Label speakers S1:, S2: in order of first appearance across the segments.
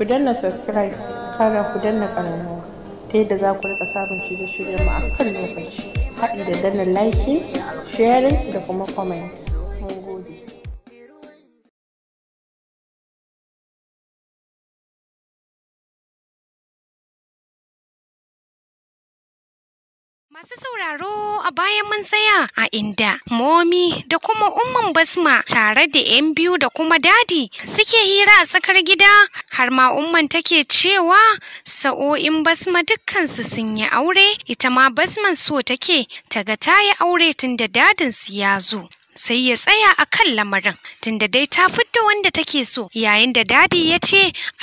S1: ku danna subscribe kara ku danna ƙararrawa ta yadda za ku rika samun shirye shiryen mu a kan lokaci haɗi da danna like sharing da kuma comment Masu sauraro a bayan mun tsaya a inda momi da kuma umman basma tare da 'yan biyu da kuma dadi suke hira a tsakar gida har ma umman take cewa sa'o'in basma dukkansu sun yi aure ita ma basman so take ta ga ta yi aure tun da dadinsu ya zo sai ya tsaya a kan lamarin tunda dai ta fito wanda take so yayin da dadi ya ce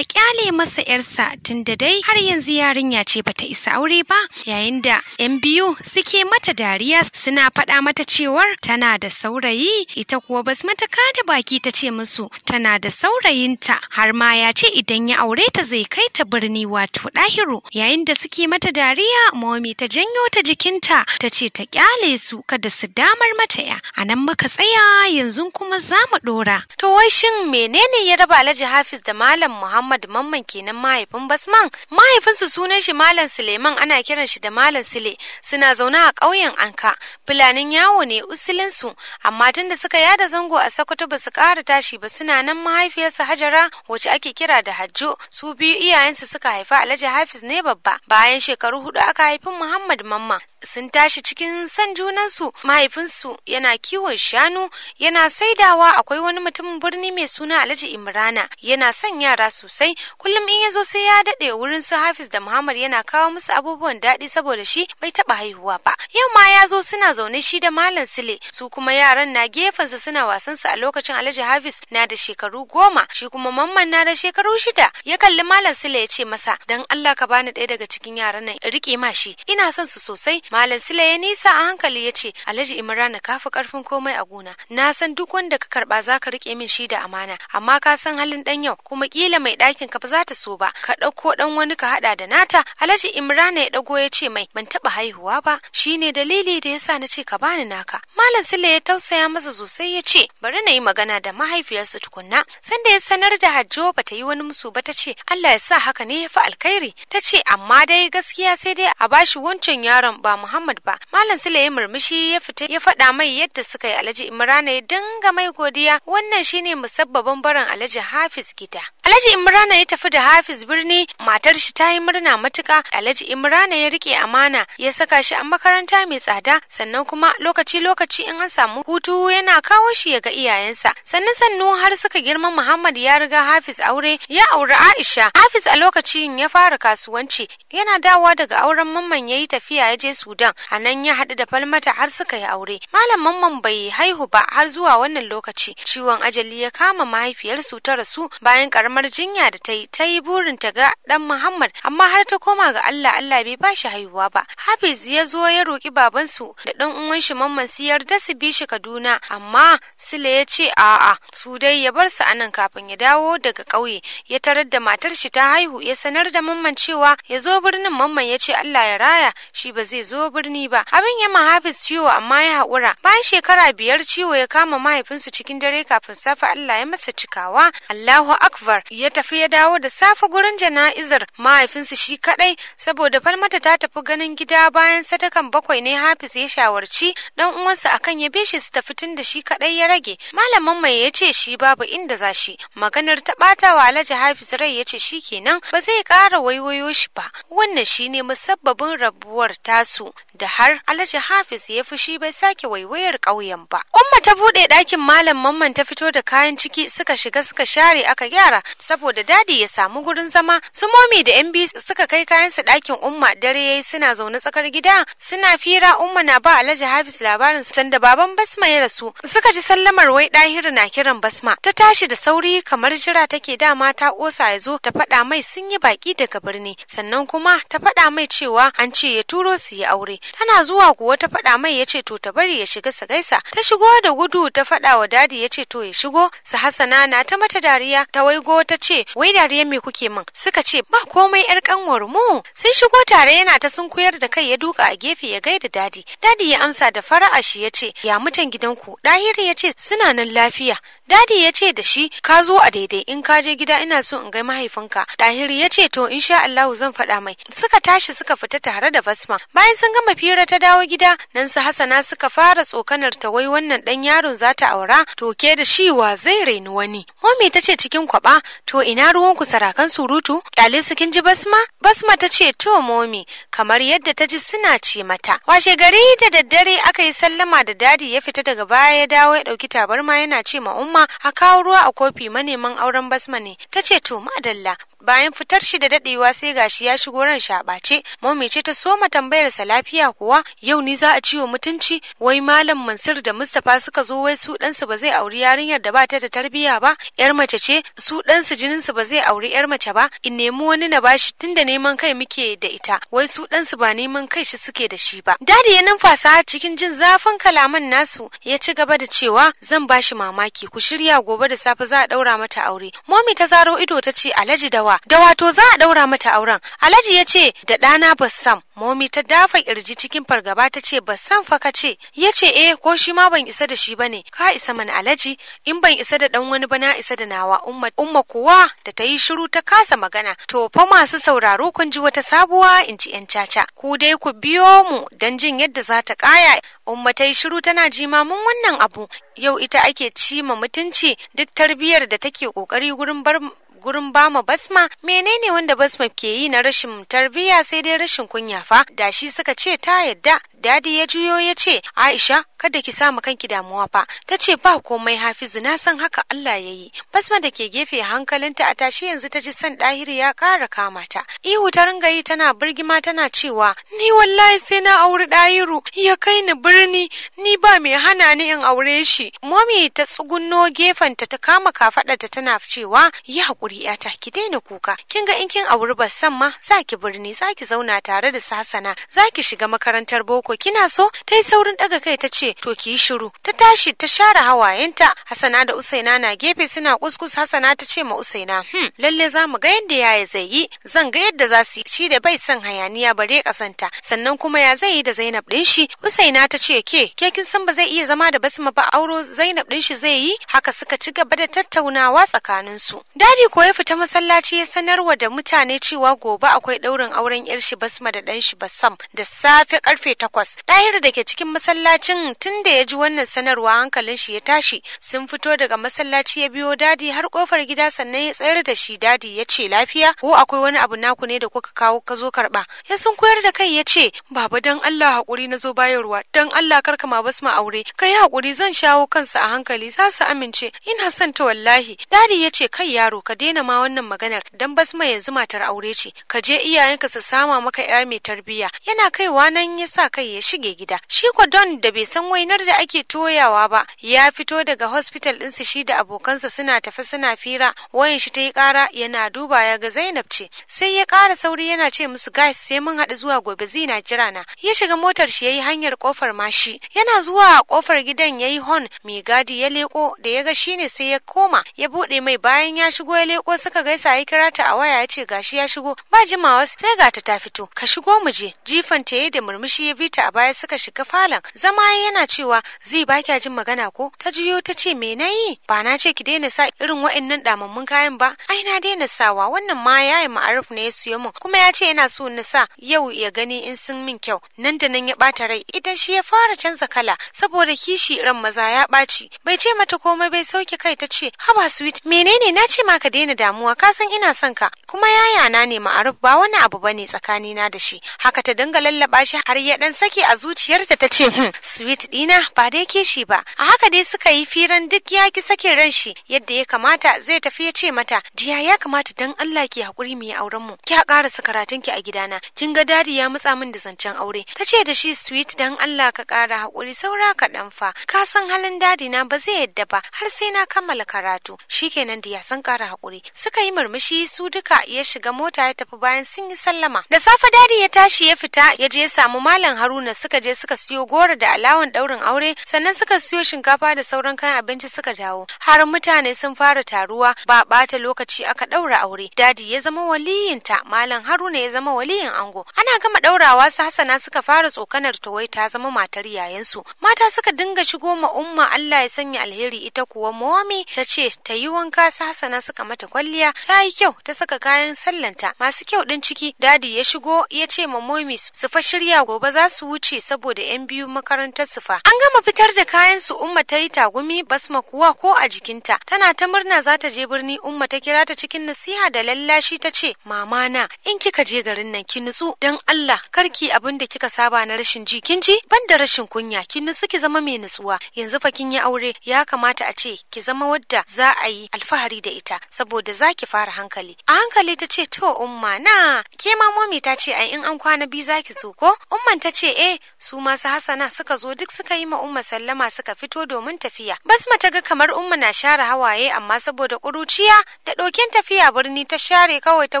S1: a kyale masa yarsa tunda dai har yanzu yarinya ce bata isa aure ba yayin da yan biyu suke mata dariya suna faɗa mata cewar tana da saurayi ita kuwa bas mata kada baki ta ce musu tana da saurayinta har ma ya ce idan ya aure ta zai kai ta birni wato ɗahiru yayin da suke mata dariya momi ta janyo ta jikinta ta ce ta kyale su kada su damar mata ya a nan maka ka tsaya yanzu kuma za mu ɗora. To wai shin menene ya raba Alhaji Hafiz da Malam Muhammad Mamman kenan mahaifin Basman? Mahaifinsu sunan shi Malam Suleiman ana kiran shi da Malam Sule. Suna zaune a ƙauyen Anka. Fulanin yawo ne usulinsu amma tun suka yada zango a Sokoto ba su ƙara tashi ba suna nan mahaifiyarsa Hajara wacce ake kira da Hajjo. Su biyu iyayensu suka haifa Alhaji Hafiz ne babba. Bayan shekaru hudu aka haifi Muhammad Mamman. sun tashi cikin san junansu mahaifinsu yana kiwon shanu yana saidawa akwai wani mutumin birni mai suna alhaji imrana yana son yara sosai kullum in ya zo sai ya daɗe wurin su hafiz da muhammad yana kawo musu abubuwan daɗi saboda shi bai taɓa haihuwa ba yau ma ya zo suna zaune shi da malam sile su kuma yaran na gefensa suna wasan su a lokacin alhaji hafiz na da shekaru goma shi kuma mamman na da shekaru shida ya kalli malam sile ya ce masa dan allah ka bani ɗaya daga cikin yaran nan Rike ma shi ina son su sosai malam sile ya nisa a hankali ya ce alhaji imrana ka fi karfin komai a gona na san duk wanda ka karba za ka rike min shi da amana amma ka san halin dan yau kuma kila mai ɗakin ka ba za ta so ba ka ɗauko ɗan wani ka haɗa da nata alhaji imrana ya ɗago ya ce mai ban taɓa haihuwa ba shi ne dalili da yasa na ce ka bani naka malam sile ya tausaya masa sosai ya ce bari na yi magana da mahaifiyarsu tukunna sanda ya sanar da hajjo ba ta yi wani musu ba ta ce Allah ya sa haka ne ya fi alkhairi ta ce amma dai gaskiya sai dai a bashi wancan yaron ba Muhammad ba. Malam Sule ya murmushi ya fita ya faɗa mai yadda suka yi Alhaji Imrana ya dinga mai godiya. Wannan shine musabbabin barin Alhaji Hafiz gida. Alhaji Imrana ya tafi da Hafiz birni matar shi ta yi murna matuka Alhaji Imrana ya rike amana ya saka shi a makaranta mai tsada sannan kuma lokaci lokaci in an samu hutu yana kawo shi ya ga iyayensa sannan sannu har suka girma Muhammad ya riga Hafiz aure ya auri Aisha Hafiz a lokacin ya fara kasuwanci yana dawowa daga auren mamman ya yi tafiya ya je Sudan a nan ya haɗu da Falmata har suka yi aure malam mamman bai haihu ba har zuwa wannan lokaci ciwon ajali ya kama mahaifiyarsu ta rasu bayan karamin kamar jinya da ta yi ta yi burin ta ga dan Muhammad amma har ta koma ga Allah Allah bai ba shi haihuwa ba Hafiz ya zo ya roki babansu da dan uwan shi mamman su yarda su bi shi Kaduna amma Sule ya ce a'a su dai ya bar su anan kafin ya dawo daga ƙauye ya tarar da matar shi ta haihu ya sanar da mamman cewa ya zo birnin mamman ya ce Allah ya raya shi ba zai zo birni ba abin ya ma Hafiz ciwo amma ya haƙura bayan shekara biyar ciwo ya kama mahaifinsu cikin dare kafin safa Allah ya masa cikawa Allahu Akbar ya tafi ya dawo da safe gurin jana'izar mahaifinsa shi kadai saboda falmata ta tafi ganin gida bayan sadakan bakwai ne hafiz ya shawarci dan uwansa akan ya bishi su tafi tun da shi kadai ya rage malamin mai ya ce shi babu inda za shi maganar ta bata wa alhaji hafiz rai ya ce shi kenan ba zai kara waiwayo shi ba wannan shi ne musabbabin rabuwar tasu da har alhaji hafiz ya fi shi bai sake waiwayar ƙauyen ba umma ta buɗe ɗakin malam mamman ta fito da kayan ciki suka shiga suka share aka gyara saboda dadi ya samu gurin zama su momi da yan biyu suka kai kayan su ɗakin umma dare yayi suna zaune tsakar gida suna fira umma na ba alhaji hafiz labarin sanda baban basma ya rasu suka ji sallamar wai ɗahiru na kiran basma ta tashi da sauri kamar jira take dama ta ƙosa ya zo ta faɗa mai sun yi baki daga birni sannan kuma ta faɗa mai cewa an ce ya turo su yi aure tana zuwa kuwa ta faɗa mai ya ce to ta bari ya shiga sa gaisa ta shigo da gudu ta faɗa wa dadi ya ce to ya shigo su hasana na ta mata dariya ta waigo Hauwa ta ce, "Wai dariyar me kuke min?" Suka ce, "Ba komai yar kanwar mu." Sun shigo tare yana ta sun koyar da kai ya duka a gefe ya gaida dadi. Dadi ya amsa da fara'a shi ya ce, "Ya mutan gidanku?" Dahiri ya ce, "Suna nan lafiya." Dadi ya ce da shi, "Ka zo a daidai in ka je gida ina so in ga mahaifinka." Dahiri ya ce, "To insha Allah zan faɗa mai." Suka tashi suka fita tare da Basma. Bayan sun gama fira ta dawo gida, nan su Hassana suka fara tsokanar ta wai wannan dan yaron za ta aura, to ke da shi wa zai raini wani. Momi ta ce cikin kwaba, to ina ruwanku sarakan surutu kyale su kin ji basma basma ta ce to momi kamar yadda ta ji suna ce mata washe gari da daddare aka yi sallama da dadi ya fita daga baya ya dawo ya ɗauki tabarma yana ce ma umma a kawo ruwa a kofi maneman auren basma ne ta ce to madalla bayan fitar shi da dadewa sai gashi ya shigo ran shabace momi ce ta soma tambayar sa lafiya kuwa yau ni za a ciwo mutunci wai malam Mansur da Mustapha suka zo wai su dan su ba zai auri yarinyar da ba ta da tarbiyya ba yar mace ce su dan ɗansu jininsu ba zai auri yar mace ba in nemi wani na bashi tunda neman kai muke da ita wai su dan su ba neman kai shi suke da shi ba dadi ya numfasa cikin jin zafin kalaman nasu ya ci gaba da cewa zan bashi mamaki ku shirya gobe da safe za a daura mata aure momi ta zaro ido ta ce alhaji dawa kuwa da wato za a ɗaura mata auren alhaji ya ce da ɗana bassam momi ta dafa kirji cikin fargaba ta ce bassam fa ka ce ya ce eh ko shi ma ban isa da shi ba ne. ka isa mana alhaji in ban isa da ɗan wani ba na isa da nawa umma umma kuwa da ta yi shiru ta kasa magana to fa masu sauraro kun ji wata sabuwa in ci yan caca ku dai ku biyo mu dan jin yadda za ta kaya umma ta yi shiru tana jimamin mun wannan abu yau ita ake ci ma mutunci duk tarbiyyar da take kokari gurin bar gurin bama basma menene wanda basma ke yi na rashin tarbiyya sai dai rashin kunya fa da shi suka ce ta yadda dadi ya juyo ya ce aisha kada ki samu kanki damuwa fa ta ce ba komai hafizu na san haka allah ya yi basma da ke gefe hankalinta a tashi yanzu ta ji san ɗahiri ya ƙara kama ta ihu ta ringa yi tana birgima tana cewa ni wallahi sai na auri ɗahiru ya kai ni birni ni ba mai hana ni in aure shi momi ta tsugunno gefen ta ta kama kafaɗarta tana cewa yi haƙuri ta, ki daina kuka kin ga in kin auri san ma za ki birni za ki zauna tare da sasana za ki shiga makarantar boko ko kina so ta yi saurin daga kai ta ce to ki yi shiru ta tashi ta share hawayenta hasana da usaina na gefe suna kuskus hasana ta ce ma usaina hmm lalle za mu ga yadda yaya zai yi zan ga yadda za su yi shi da bai son hayaniya bare kasanta sannan kuma ya zai yi da zainab din shi usaina ta ce ke ke kin san ba zai iya zama da basma ba auro zainab din shi zai yi haka suka ci gaba da tattaunawa tsakanin su dadi ko ya fita masallaci ya sanarwa da mutane cewa gobe akwai daurin auren yar shi basma da dan shi basam da safe karfe takwas takwas ɗahiru da ke cikin masallacin tun da ya ji wannan sanarwa hankalin shi ya tashi sun fito daga masallaci ya biyo dadi har kofar gida sannan ya tsayar da shi dadi ya ce lafiya ko akwai wani abu naku ne da kuka kawo ka zo karɓa ya sun koyar da kai ya ce baba dan Allah haƙuri na zo bayarwa dan Allah kar ka ma basma aure ka yi haƙuri zan shawo kansa a hankali za su amince ina son ta wallahi dadi ya ce kai yaro ka daina ma wannan maganar dan basma yanzu matar aure ce ka je iyayenka su sama maka 'ya mai tarbiyya yana kaiwa nan ya sa kai ya shige gida shi kwa don da bai san wainar da ake toyawa ba ya fito daga hospital ɗinsa shi da abokansa suna tafi suna fira wayan shi ta yi ƙara yana duba ya ga zainab ce sai ya kara sauri yana ce musu guys sai mun haɗu zuwa gobe zina jira na ya shiga motar shi ya yi hanyar ƙofar mashi yana zuwa kofar gidan ya yi hon mai gadi ya leko da ya ga shine sai ya koma ya buɗe mai bayan ya shigo ya leko suka gaisa ya kira ta a waya ya ce gashi ya shigo ba jimawa sai ga ta ta fito ka shigo mu je jifan ta da murmushi ya bi ta a baya suka shiga falon zama yana cewa zai ba kya jin magana ko ta juyo ta ce me na yi ba na ce ki daina sa irin wa'annan damammun kayan ba ai na daina sawa wannan ma yayi ma'aruf ne ya siyo mun. kuma ya ce yana so na sa yau ya gani in sun min kyau nan da nan ya bata rai idan shi ya fara canza kala saboda kishi ran maza ya baci bai ce mata komai bai sauke kai ta ce haba sweet menene na ce ma ka daina damuwa ka san ina son ka kuma yaya na ne ma'aruf ba wani abu bane tsakanina da shi haka ta dinga lallaba shi har ya dan saki a zuciyarta ta ce hmm sweet dina ba dai kishi ba a haka dai suka yi firan duk ya ki saki ran shi yadda ya kamata zai tafi ya ce mata jiya ya kamata dan Allah ki hakuri mu yi auren mu ki karasa karatun ki a gidana kin ga dadi ya mutsa min da zancen aure ta ce da shi sweet dan Allah ka kara hakuri saura ka dan fa ka san halin dadi na ba zai yadda ba har sai na kammala karatu shikenan diya san kara hakuri suka yi murmushi su duka ya shiga mota ya tafi bayan sun yi sallama da safe dadi ya tashi ya fita ya je ya samu malam Haruna haruna suka je suka siyo goro da alawan daurin aure sannan suka siyo shinkafa da sauran kayan abinci suka dawo har mutane sun fara taruwa ba bata lokaci aka daura aure dadi ya zama waliyinta malam haruna ya zama waliyin ango ana gama daurawa su Hassana suka fara tsokanar tawai ta zama matar yayansu mata suka dinga shigo ma umma Allah ya sanya alheri ita kuwa momi ta ce ta yi wanka su hasana suka mata kwalliya ta yi kyau ta saka kayan sallanta masu kyau din ciki dadi ya shigo ya ce ma momi su fa shirya gobe za su su wuce saboda 'yan biyu makarantar su fa. An gama fitar da kayan su Umma ta yi tagumi basma kuwa ko a jikinta. Tana ta murna za ta je birni Umma ta kira ta cikin nasiha da lallashi ta ce, "Mama na, in kika je garin nan ki nutsu dan Allah kar karki abin da kika saba na rashin ji kin ji ban da rashin kunya ki nutsu ki zama mai nutsuwa yanzu fa kin yi aure ya kamata a ce ki zama wadda za a yi alfahari da ita saboda za ki fara hankali." A hankali ta ce, "To Umma na, ke ma ta ce ai in an kwana biyu za ki zo ko?" Umman ta ce, eh su masu hasana suka zo duk suka yi ma umma sallama suka fito domin tafiya basma ta ga kamar umma na share hawaye amma saboda kuruciya da ɗokin tafiya birni ta share kawai ta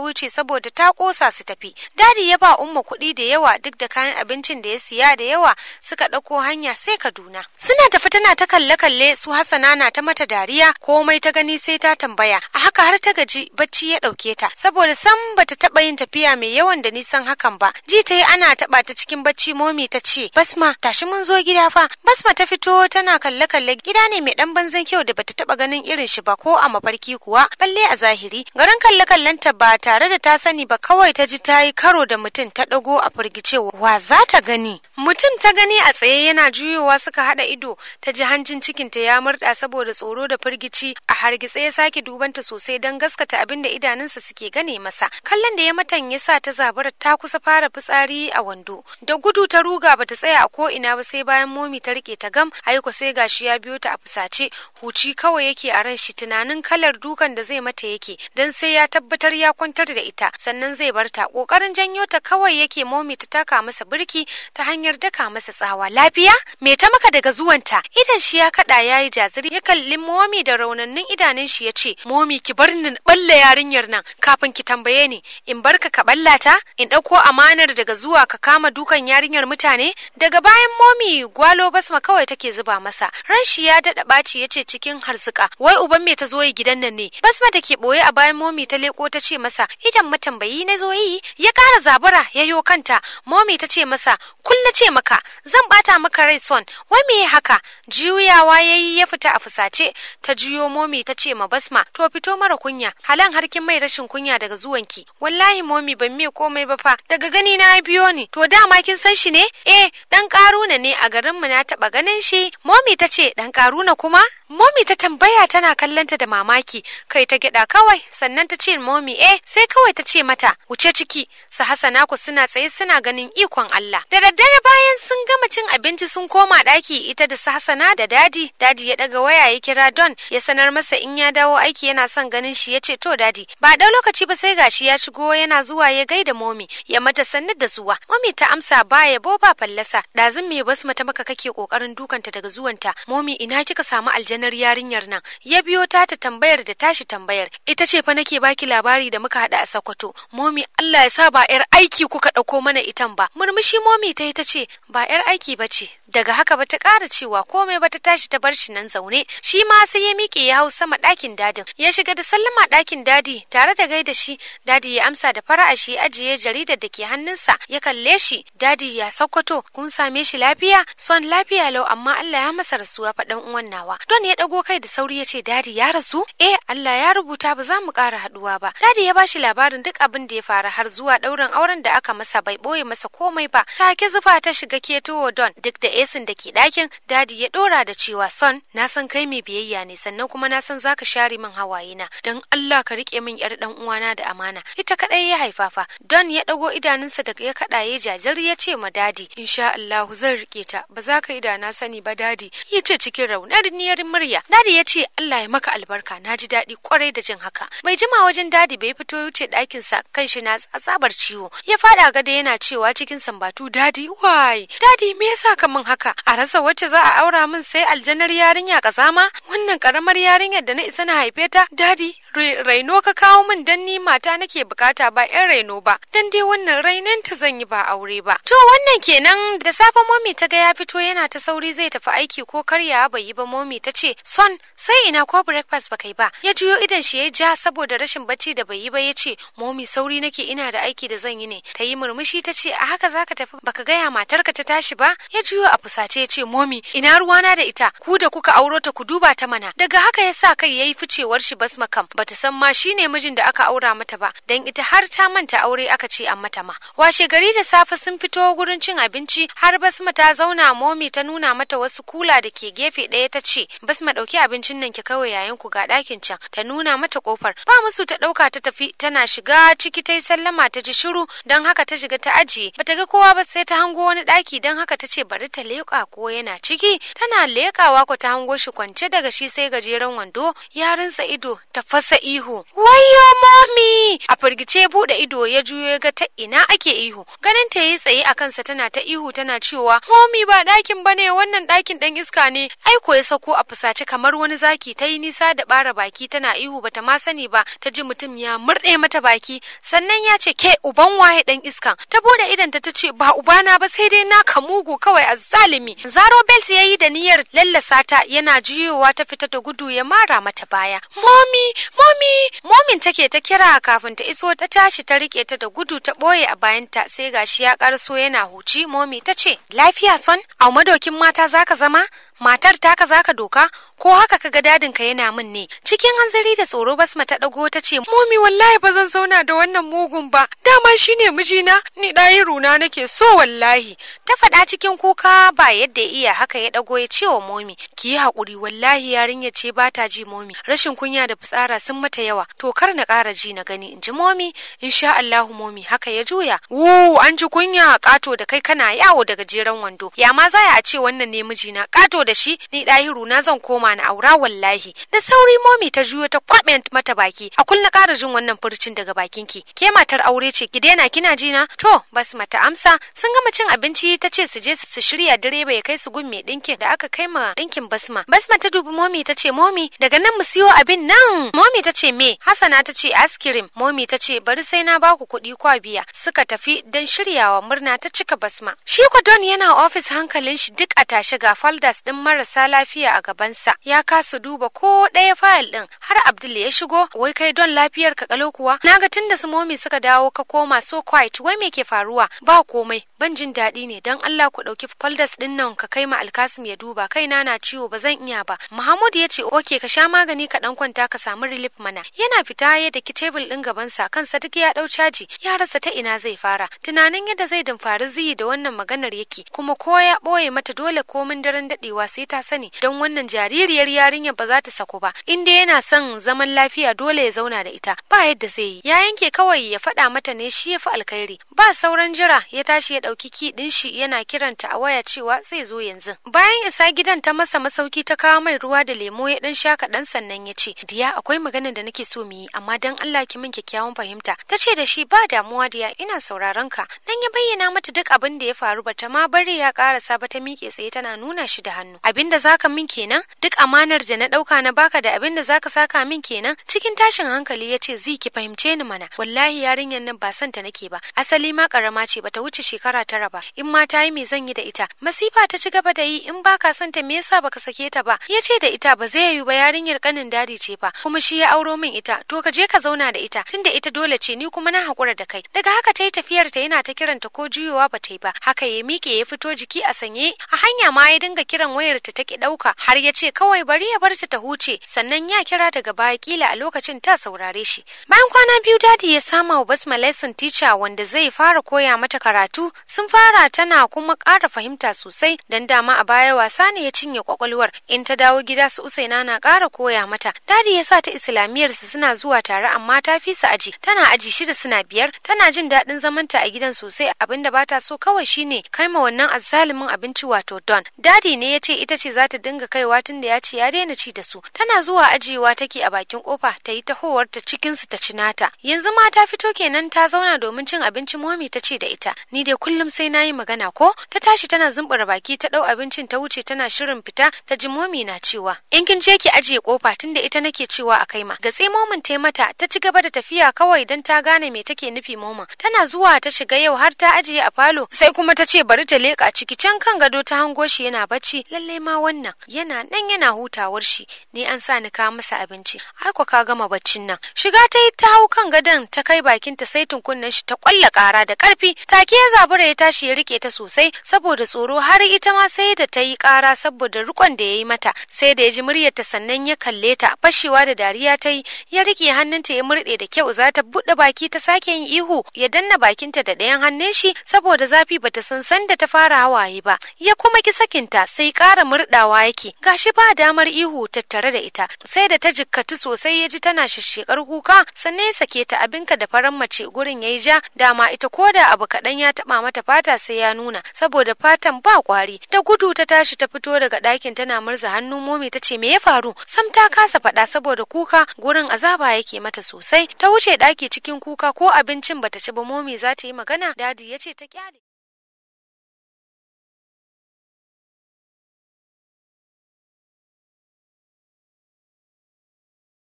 S1: wuce saboda ta ƙosa su tafi dadi ya ba umma kuɗi da yawa duk da kayan abincin da ya siya da yawa suka ɗauko hanya sai kaduna suna tafi tana ta kalle kalle su hasana na ta mata dariya komai ta gani sai ta tambaya a haka har ta gaji bacci ya ɗauke ta saboda sam bata taɓa yin tafiya mai yawan da nisan hakan ba ji ta yi ana taɓa ta cikin bacci momi ta ce basma tashi mun zo gida fa basma ta fito tana kalle kalle gida ne mai dan banzan kyau da bata taba ganin irin shi ba ko a mafarki kuwa balle a zahiri garin kalle kallen ta ba tare da ta sani ba kawai ta ji ta yi karo da mutum ta dago a firgice wa za ta gani mutum ta gani a tsaye yana juyowa suka hada ido ta ji hanjin ta ya murda saboda tsoro da firgici a hargitse ya sake dubanta sosai dan gaskata abin da idanunsa suke gane masa kallon da ya matan ya sa ta zabura ta kusa fara fitsari a wando da gudu ta ruga bata tsaya a ko ina ba sai bayan momi ta rike ta gam aiko sai gashi ya biyo ta a fusace huci kawai yake a ran shi tunanin kalar dukan da zai mata yake dan sai ya tabbatar ya kwantar da ita sannan zai bar ta kokarin janyo ta kawai yake momi ta taka masa birki ta hanyar daka masa tsawa lafiya me ta maka daga ta idan shi ya kada yayi jaziri ya kallin momi da raunannun idanun shi ya ce momi ki bar ni balla yarinyar nan kafin ki tambaye ni in barka ka ballata in dauko amanar daga zuwa ka kama dukan yarinyar kunyar mutane daga bayan momi gwalo basma kawai take zuba masa ran shi ya dada baci yace cikin harzuka wai uban me ta zo yi gidan nan ne basma da ke boye a bayan momi ta leko ta ce masa idan matambayi na zo yi ya kara zabura yayo kanta momi ta ce masa kul na ce maka zan bata maka rai son wai me haka juyawa yayi ya fita a fusace ta juyo momi ta ce ma basma to fito mara kunya halan harkin mai rashin kunya daga zuwanki wallahi momi ban me komai ba fa daga gani na biyo ni to dama kin san shi ne eh dan karuna ne a garinmu na taɓa ganin shi momi ta ce dan karuna kuma momi ta tambaya tana kallonta da mamaki kai ta gyada kawai sannan ta ce momi eh sai kawai ta ce mata wuce ciki su hasana ku suna tsaye suna ganin ikon Allah da daddare bayan sun gama cin abinci sun koma ɗaki ita da su hasana da dadi dadi ya ɗaga waya ya kira don ya sanar masa in ya dawo aiki yana son ganin shi ya ce to dadi ba ɗau lokaci ba sai gashi ya shigo yana zuwa ya gaida momi ya mata sannu da zuwa momi ta amsa baya yabo ba fallasa ɗazun me basma mata maka kake kokarin dukanta daga zuwanta momi ina kika samu aljanar yarinyar nan ya biyo ta ta tambayar da tashi tambayar ita ce fa nake baki labari da muka haɗa a Sokoto momi Allah ya sa ba yar aiki kuka ɗauko mana itan ba murmushi momi ta ita ce ba yar aiki ba ce daga haka ba ta kara cewa komai ba ta tashi ta bar shi nan zaune shi ma sai ya miƙe ya hau sama ɗakin dadin ya shiga da sallama ɗakin dadi tare da gaida shi dadi ya amsa da fara'a shi ajiye jaridar da ke hannunsa ya kalle shi dadi ya ya Sokoto kun same shi lafiya son lafiya lau amma Allah ya masa rasuwa fa dan uwan nawa don ya dago kai da sauri ya ce dadi ya rasu eh Allah ya rubuta ba za mu kara haduwa ba dadi ya bashi labarin duk abin da ya faru har zuwa ɗaurin auren da aka masa bai boye masa komai ba ke zufa ta shiga ketowo don duk da esin da ke ɗakin dadi ya ɗora da cewa son na san kai mai biyayya ne sannan kuma na san zaka share min hawaye na don Allah ka rike min yar dan uwana da amana ita kadai ya haifafa don ya dago idanunsa da ya kaɗa ya jajir ya ce ma dadi insha Allah zan rike ta ba za ka na sani ba dadi ya ce cikin niyar murya dadi ya ce Allah ya maka albarka na ji daɗi kwarai da jin haka bai jima wajen dadi bai fito wuce ɗakin sa shi na tsabar ciwo ya fada gada yana cewa cikin sambatu dadi wai dadi me yasa ka min haka a rasa wacce za a aura min sai aljanar yarinya kazama wannan karamar yarinyar da na isa na haife ta dadi raino ka kawo min dan ni mata nake bukata ba yan raino ba dan dai wannan rainanta zan yi ba aure ba to wannan Wannan kenan da safe momi ta ga ya fito yana ta sauri zai tafi aiki ko karya bai yi ba momi ta ce son sai ina ko breakfast baka yi ba ya juyo idan shi ya ja saboda rashin bacci da bai yi ba ya ce momi sauri nake ina da aiki da zan yi ne ta yi murmushi ta ce a haka zaka tafi baka gaya matarka ta tashi ba ya juyo a fusace ya ce momi ina ruwa na da ita ku da kuka auro ta ku duba ta mana daga haka ya sa kai yayi ficewar shi basma kam bata san ma shi ne mijin da aka aura mata ba dan ita har ta manta aure aka ce an mata ma washe gari da safe sun fito wurin? wurin cin abinci har basma ta zauna momi ta nuna mata wasu kula da ke gefe ɗaya ta ce basma ɗauki abincin nan ki kawai yayin ku ga ɗakin can ta nuna mata kofar ba musu ta ɗauka ta tafi tana shiga ciki ta yi sallama ta ji shiru don haka ta shiga ta ajiye bata ga kowa ba sai ta hango wani ɗaki don haka ta ce bari ta leƙa ko yana ciki tana leƙawa ko ta hango shi kwance daga shi sai gajeren wando ya rinsa ido ta fasa ihu wayo momi a firgice buɗe ido ya juyo ya ga ta ina ake ihu ganin ta yi tsaye a kansa tana ta ihu tana cewa momi ba ɗakin ba ne wannan ɗakin ɗan iska ne ai ko ya sako a fusace kamar wani zaki ta yi nisa da bara baki tana ihu bata ma sani ba ta ji mutum ya murɗe mata baki sannan ya ce ke uban waye ɗan iska. ta bude idan ta ce ba ubana ba sai dai na ka mugu kawai a zalimi zaro belt ya yi da niyyar lallasa ta yana jiyowa ta fita da gudu ya mara mata baya momi momi momin take ta kira kafin ta iso ta tashi ta rike ta da gudu ta ɓoye a bayanta sai gashi ya ƙarso yana huci momi ta ce lafiya son a madokin mata zaka zama matar ta taka zaka doka ko haka kaga dadin ka yana min ne cikin hanzari da tsoro basma ta dago ta ce momi wallahi ba zan zauna da wannan mugun ba dama shine mijina ni dai runa nake so wallahi ta faɗa cikin kuka ba yadda iya haka ya dago ya ce wa momi ki yi haƙuri wallahi yarinya ce ba ta ji momi rashin kunya da fitsara sun mata yawa to kar na kara ji na gani in ji momi insha Allahu momi haka ya juya wu an ji kunya ƙato da kai kana yawo da gajeren wando ya ma zaya a ce wannan ne mijina ƙato da shi ni ɗahiru na zan koma na aura wallahi da sauri momi ta juyo ta kwaɓe mata baki a kullu ƙara jin wannan furcin daga bakin ki ke matar aure ce ki daina kina jina? to bas mata amsa sun gama cin abinci ta ce su je su shirya direba ya kai su gun mai ɗinkin da aka kai ma ɗinkin basma basma ta dubi momi ta ce momi daga nan mu siyo abin nan momi ta ce me hasana ta ce askirim momi ta ce bari sai na baku kuɗi kwa biya suka tafi don shiryawa murna ta cika basma shi don yana ofis hankalin shi duk a tashe ga Folders. ɗin halin marasa lafiya a gabansa ya kasa duba ko ɗaya fayil ɗin har abdul ya shigo wai kai don lafiyar ka kalo kuwa naga tun da su momi suka dawo ka koma so quiet wai me ke faruwa ba komai ban jin daɗi ne don Allah ku ɗauki folders ɗin nan ka kai ma alkasim ya duba kaina na ciwo ba zan iya ba Muhammad ya ce oke ka sha magani ka ɗan kwanta ka samu relief mana yana fita ya daki table ɗin gabansa kansa duk ya ɗau caji ya rasa ta ina zai fara tunanin yadda zai dumfari ziyi da wannan maganar yake kuma ko ya ɓoye mata dole komin daren daɗewa cewa sai ta sani don wannan jaririyar yarinyar ba za ta sako ba in dai yana son zaman lafiya dole ya zauna da ita ba yadda zai yi ya yanke kawai ya faɗa mata ne shi ya fi alkhairi ba sauran jira ya tashi ya ɗauki ki shi yana kiranta a waya cewa zai zo yanzu bayan isa gidan ta masa masauki ta kawo mai ruwa da lemo ya ɗan sha kaɗan sannan ya ce diya akwai maganar da nake so mu yi amma don Allah ki min kyakkyawan fahimta ta ce da shi ba damuwa diya ina sauraron ka nan ya bayyana mata duk abin da ya faru bata ma bari ya karasa ba ta miƙe tsaye tana nuna shi da hannu hannu da zaka min kenan duk amanar da na dauka na baka da abin da zaka saka min kenan cikin tashin hankali yace zi ki fahimce ni mana wallahi yarinyar nan ba santa nake ba asali ma karama ce bata wuce shekara tara ba in ma ta yi me zan yi da ita masifa ta ci gaba da yi in baka santa me yasa baka sake ta ba Ya ce da ita ba zai yi ba yarinyar kanin dadi ce fa kuma shi ya auro min ita to ka je ka zauna da ita tunda ita dole ce ni kuma na hakura da kai daga haka ta yi tafiyar ta yana ta kiranta ko juyowa ba ta yi ba haka ya miƙe ya fito jiki a sanye a hanya ma ya dinga kiran wayarta ta ki ɗauka har ya ce kawai bari ya barta ta huce sannan ya kira daga baya kila a lokacin ta saurare shi. Bayan kwana biyu dadi ya sama wa Basma lesson teacher wanda zai fara koya mata karatu sun fara tana kuma ƙara fahimta sosai dan dama a baya wasa ne ya cinye kwakwalwar in ta dawo gida su Usaina na ƙara koya mata. Dadi ya sa ta islamiyar su suna zuwa tare amma ta fi su aji tana aji shida suna biyar tana jin daɗin zamanta a gidan sosai abinda bata so kawai shine kai ma wannan azzalumin abinci wato don. Dadi ne ya ce ce ita ce za ta dinga kaiwa tun da ya ce ya daina ci da su tana zuwa ajiyewa take a bakin kofa ta yi tahowar ta cikin su ta ci nata yanzu ma ta fito kenan ta zauna domin cin abincin momi ta ce da ita ni dai kullum sai na yi magana ko ta tashi tana zumbura baki ta dau abincin ta wuce tana shirin fita ta ji momi na cewa in kin je ki ajiye kofa tun da ita nake cewa a kaima gatsi momin ta mata ta ci gaba da tafiya kawai don ta gane me take nufi momin tana zuwa ta shiga yau har ta ajiye a falo sai kuma ta ce bari ta leka ciki can kan gado ta hango shi yana bacci lallai ma wannan yana nan yana hutawar shi ne an sa ni ka masa abinci ai ko ka gama baccin nan shiga ta yi ta hau kan gadon ta kai bakinta sai tunkunnan shi ta kwalla kara da karfi take ya zabura ya tashi ya rike ta sosai saboda tsoro har ita ma sai da ta yi kara saboda rukon da ya yi mata sai da ya ji muryar ta sannan ya kalle ta fashewa da dariya ta yi ya rike hannunta ya murde da kyau za ta buɗe baki ta sake yin ihu ya danna bakinta da ɗayan hannun shi saboda zafi bata san sanda ta fara hawaye ba ya kuma ki sakinta sai kara ƙara murɗawa yake gashi ba damar ihu tattare da ita sai da ta jikkatu sosai ya ji tana shishshekar kuka sannan ya sake ta abinka da faran mace gurin ya yi ja dama ita ko da abu kaɗan ya taɓa mata fata sai ya nuna saboda fatan ba kwari Ta gudu ta tashi ta fito daga ɗakin tana murza hannun momi ta ce me ya faru sam ta kasa faɗa saboda kuka gurin azaba yake mata sosai ta wuce ɗaki cikin kuka ko abincin bata ci ba momi za ta yi magana dadi yace ta kyale